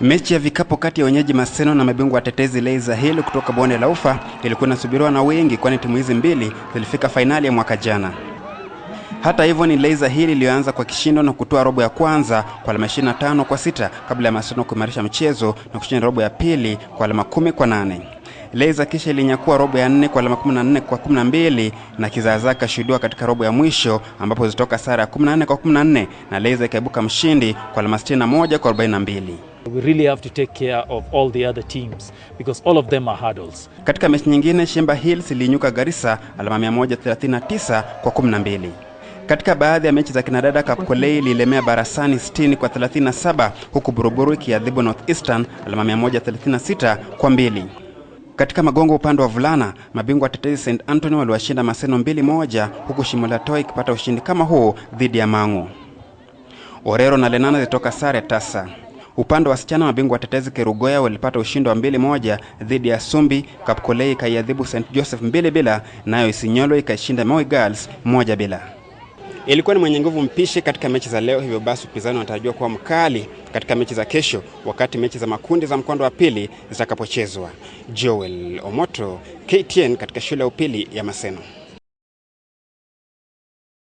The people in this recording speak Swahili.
Mechi ya vikapu kati ya wenyeji Maseno na mabingwa watetezi Leiza Hill kutoka bonde la Ufa ilikuwa inasubiriwa na wengi, kwani timu hizi mbili zilifika fainali ya mwaka jana. Hata hivyo, ni Leiza Hill iliyoanza kwa kishindo na kutoa robo ya kwanza kwa alama 25 kwa sita kabla ya Maseno kuimarisha mchezo na kushinda robo ya pili kwa alama kumi kwa nane. Leza kisha ilinyakua robo ya nne kwa alama 14 kwa 12 na Kizaazaa kashuhudiwa katika robo ya mwisho ambapo zitoka sara ya 14 kwa 14 na Leza ikaibuka mshindi kwa alama 61 kwa 42. We really have to take care of all the other teams because all of them are hurdles. Katika mechi nyingine Shimba Hills ilinyuka Garissa alama 139 kwa 12. Katika baadhi ya mechi za kinadada Kapkolei ililemea Barasani 60 kwa 37 huku Buruburu ikiadhibu North Eastern alama 136 kwa 2 katika magongo upande wa vulana, mabingwa tetezi St Anthony waliwashinda Maseno mbili moja, huku Shimolatoi ikipata ushindi kama huo dhidi ya Mang'u. Orero na Lenana zitoka sare tasa. Upande wa wasichana, mabingwa tetezi Kerugoya walipata ushindi wa mbili moja dhidi ya Sumbi. Kapkolei ikaiadhibu St Joseph mbili bila, nayo Isinyolo ikaishinda Moi Girls moja bila. Ilikuwa ni mwenye nguvu mpishi katika mechi za leo, hivyo basi upinzani wanatarajiwa kuwa mkali katika mechi za kesho, wakati mechi za makundi za mkondo wa pili zitakapochezwa. Joel Omoto, KTN, katika shule ya upili ya Maseno.